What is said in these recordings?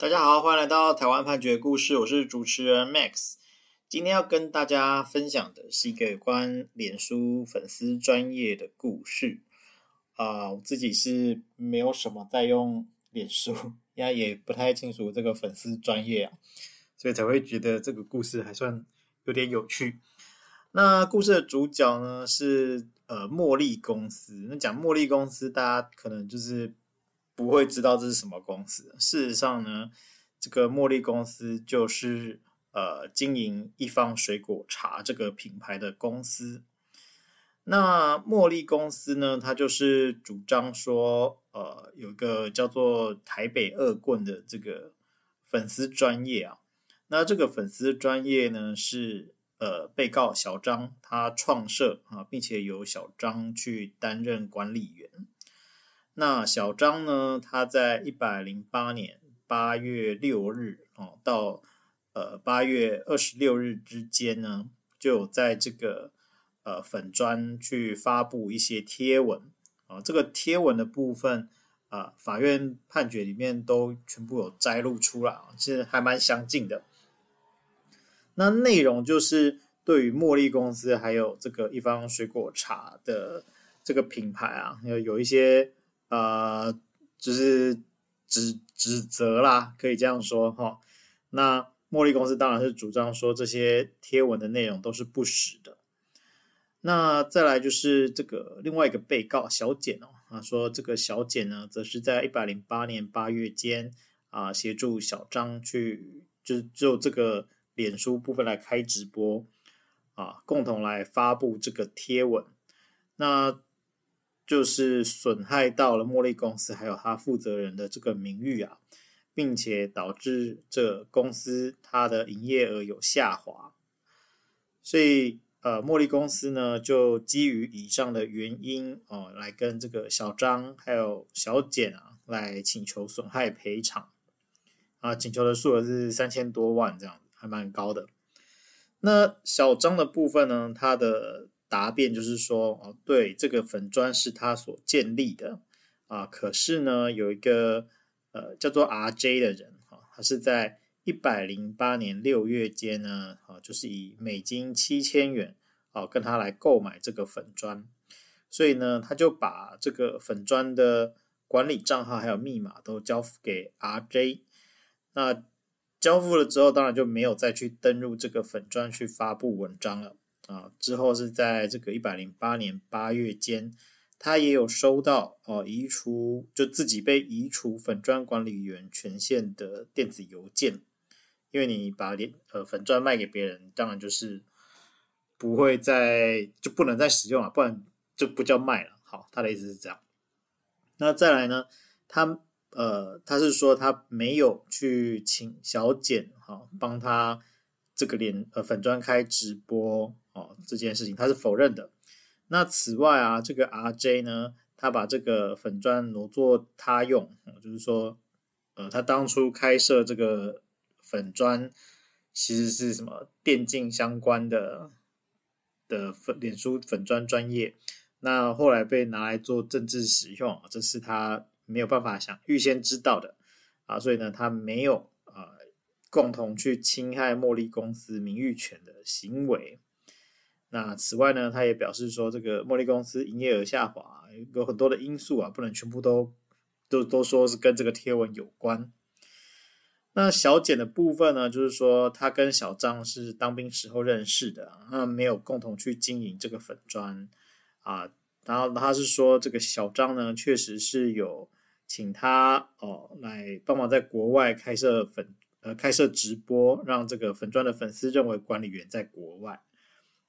大家好，歡迎來到台灣判決故事，我是主持人 Max。今天要跟大家分享的是一個有關臉書粉絲專頁的故事。啊、呃，我自己是沒有什麼在用臉書，應該也不太清楚這個粉絲專頁啊，所以才會覺得這個故事還算有點有趣。那故事的主角呢，是呃墨力公司。那講墨力公司，大家可能就是。不會知道這是什麼公司。事實上呢，這個墨力公司就是呃經營一芳水果茶這個品牌的公司。那墨力公司呢，它就是主張說，呃，有一個叫做台北惡棍的這個粉絲專頁啊。那這個粉絲專頁呢，是呃被告小張他創設啊，並且由小張去擔任管理員。那小張呢，他在一百零八年八月六日啊、哦，到呃八月二十六日之間呢，就有在這個呃粉專去發布一些貼文啊、哦。這個貼文的部分啊、呃，法院判決裡面都全部有摘錄出來，其實還蠻詳盡的。那內容就是對於墨力公司還有這個一芳水果茶的這個品牌啊，有，有一些。啊、呃，就是指指責啦，可以這樣說哈、哦。那墨力公司當然是主張說這些貼文的內容都是不實的。那再來就是這個另外一個被告小簡哦，啊，說這個小簡呢，則是在一百零八年八月間啊，協助小張去，就就這個臉書部分來開直播啊，共同來發布這個貼文。那。就是損害到了墨力公司還有他負責人的這個名譽啊，並且導致這公司它的營業額有下滑，所以呃，墨力公司呢就基於以上的原因哦、呃，來跟這個小張還有小簡啊來請求損害賠償啊，請求的數額是三千多萬這樣子，還蠻高的。那小張的部分呢，他的。答辯就是說，哦，對，這個粉專是他所建立的，啊，可是呢，有一個呃叫做 RJ 的人，哈、啊，他是在一百零八年六月間呢，啊，就是以美金七千元、啊，跟他來購買這個粉專，所以呢，他就把這個粉專的管理賬號還有密碼都交付給 RJ，那交付了之後，當然就沒有再去登錄這個粉專去發布文章了。啊，之後是在這個一百零八年八月間，他也有收到哦，移除就自己被移除粉專管理員權限的電子郵件。因為你把臉呃粉專賣給別人，當然就是不會再就不能再使用了，不然就不叫賣了。好，他的意思是這樣。那再來呢，他呃他是說他沒有去請小簡哈幫他這個臉，呃粉專開直播。這件事情他是否認的。那此外啊，這個 RJ 呢，他把這個粉專挪作他用，就是說，呃，他當初開設這個粉專其實是什麼電競相關的的粉臉書粉絲專頁，那後來被拿來做政治使用，這是他沒有辦法想預先知道的啊，所以呢，他沒有啊、呃、共同去侵害墨力公司名譽權的行為。那此外呢，他也表示說，這個墨力公司營業額下滑有很多的因素啊，不能全部都都都說是跟這個貼文有關。那小簡的部分呢，就是說他跟小張是當兵時候認識的，那沒有共同去經營這個粉專啊。然後他是說，這個小張呢，確實是有請他哦來幫忙在國外開設粉，呃，開設直播，讓這個粉專的粉絲認為管理員在國外。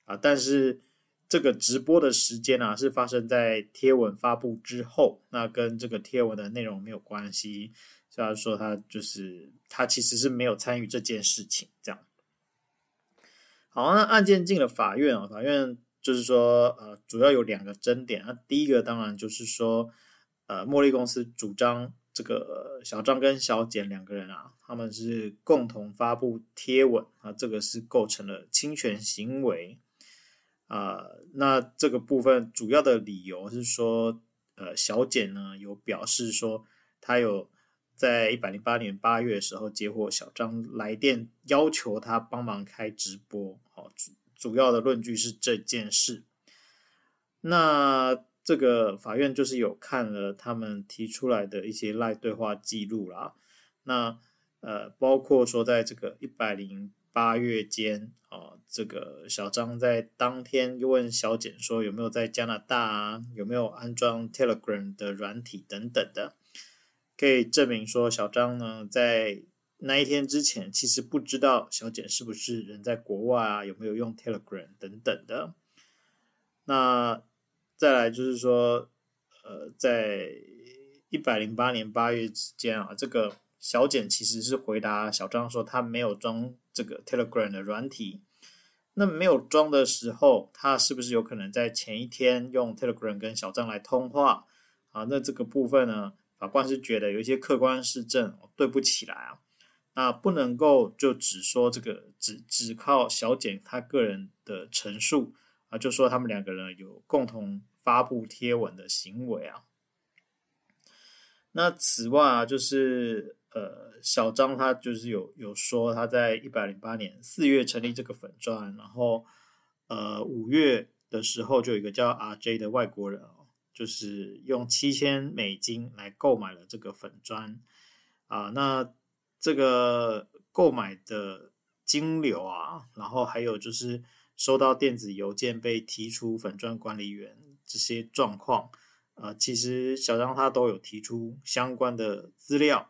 啊，但是這個直播的時間啊，是發生在貼文發布之後，那跟這個貼文的內容沒有關係。雖然說他就是他其實是沒有參與這件事情，這樣。好，那案件進了法院啊，法院就是說，呃，主要有兩個爭點啊。第一個當然就是說，呃，墨力公司主張這個小張跟小簡兩個人啊，他們是共同發布貼文啊，這個是構成了侵權行為。啊、呃，那這個部分主要的理由是說，呃，小簡呢有表示說，他有在一百零八年八月的時候接獲小張來電，要求他幫忙開直播，好，主要的論據是這件事。那這個法院就是有看了他們提出來的一些賴對話記錄啦，那呃，包括說在這個一百零。八月間啊、哦，這個小張在當天又問小簡說，有沒有在加拿大，啊，有沒有安裝 Telegram 的軟體等等的，可以證明說小張呢在那一天之前其實不知道小簡是不是人在國外啊，有沒有用 Telegram 等等的。那再來就是說，呃，在一百零八年八月之間啊，這個小簡其實是回答小張說，他沒有裝。這個 Telegram 的軟體，那沒有裝的時候，他是不是有可能在前一天用 Telegram 跟小張來通話啊？那這個部分呢，法官是覺得有一些客觀事證對不起來啊，那不能夠就只說這個，只只靠小簡他個人的陳述啊，就說他們兩個人有共同發布貼文的行為啊。那此外啊，就是呃，小張他就是有有說他在一百零八年四月成立這個粉專，然後呃五月的時候就有一個叫 RJ 的外國人哦，就是用七千美金來購買了這個粉專啊、呃。那這個購買的金流啊，然後還有就是收到電子郵件被提出粉專管理員這些狀況。啊、呃，其實小張他都有提出相關的資料，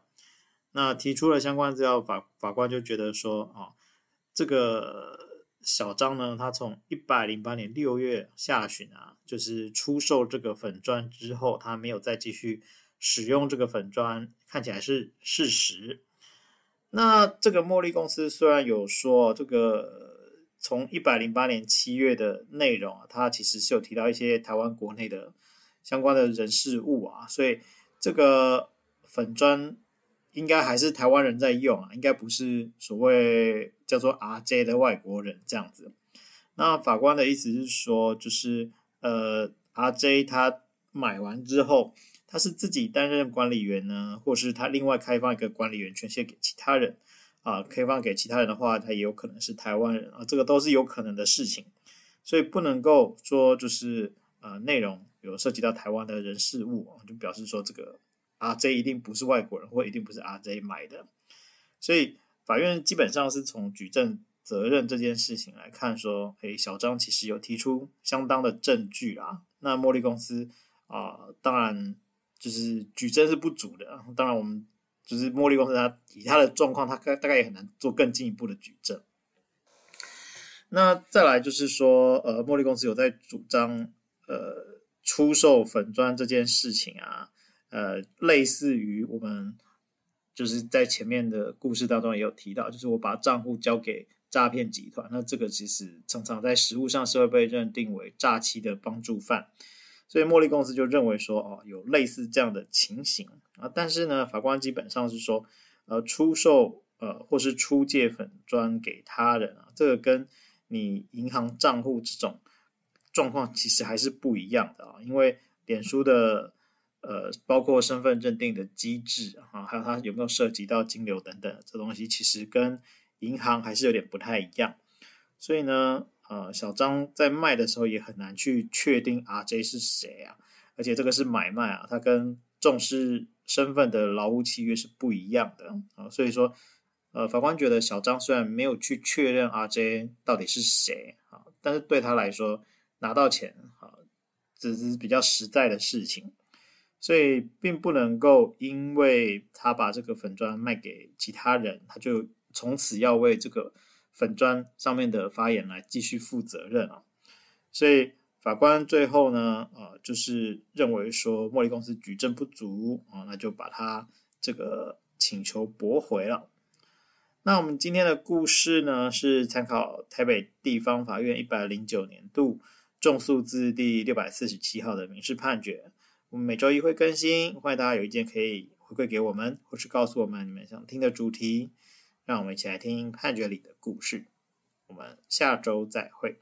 那提出了相關資料法，法法官就覺得說啊、哦，這個小張呢，他從一百零八年六月下旬啊，就是出售這個粉專之後，他沒有再繼續使用這個粉專，看起來是事實。那這個墨力公司雖然有說這個從一百零八年七月的內容啊，它其實是有提到一些台灣國內的。相關的人事物啊，所以這個粉專應該還是台灣人在用啊，應該不是所謂叫做 RJ 的外國人這樣子。那法官的意思是說，就是呃 RJ 他買完之後，他是自己擔任管理員呢，或是他另外開放一個管理員權限給其他人啊、呃，開放給其他人的話，他也有可能是台灣人啊、呃，這個都是有可能的事情，所以不能夠說就是呃內容。有涉及到台灣的人事物，就表示說這個 RJ 一定不是外國人，或一定不是 RJ 買的。所以法院基本上是從舉證責任這件事情來看，說，哎、欸，小張其實有提出相當的證據啊。那墨力公司啊、呃，當然就是舉證是不足的。當然，我們就是墨力公司他，它以他的狀況，它大概也很難做更進一步的舉證。那再來就是說，呃，墨力公司有在主張，呃。出售粉專這件事情啊，呃，類似於我們就是在前面的故事當中也有提到，就是我把賬戶交給詐騙集團，那這個其實常常在實務上是會被認定為詐欺的幫助犯，所以墨力公司就認為說，哦，有類似這樣的情形啊，但是呢，法官基本上是說，呃，出售呃或是出借粉專給他人啊，這個跟你銀行賬戶這種。狀況其實還是不一樣的啊，因為臉書的呃，包括身份認定的機制啊，還有它有沒有涉及到金流等等，這東西其實跟銀行還是有點不太一樣。所以呢，呃，小張在賣的時候也很難去確定 RJ 是誰啊，而且這個是買賣啊，它跟重視身份的勞務契約是不一樣的啊。所以說，呃，法官覺得小張雖然沒有去確認 RJ 到底是誰啊，但是對他來說，拿到錢啊，這是比較實在的事情，所以並不能夠因為他把這個粉專賣給其他人，他就從此要為這個粉專上面的發言來繼續負責任啊。所以法官最後呢，啊，就是認為說墨力公司舉證不足啊，那就把他這個請求駁回了。那我們今天的故事呢，是參考台北地方法院一百零九年度。重訴字第六百四十七號的民事判決，我們每周一會更新，歡迎大家有意見可以回饋給我們，或是告訴我們你們想聽的主題，讓我們一起來聽判決裡的故事。我們下周再會。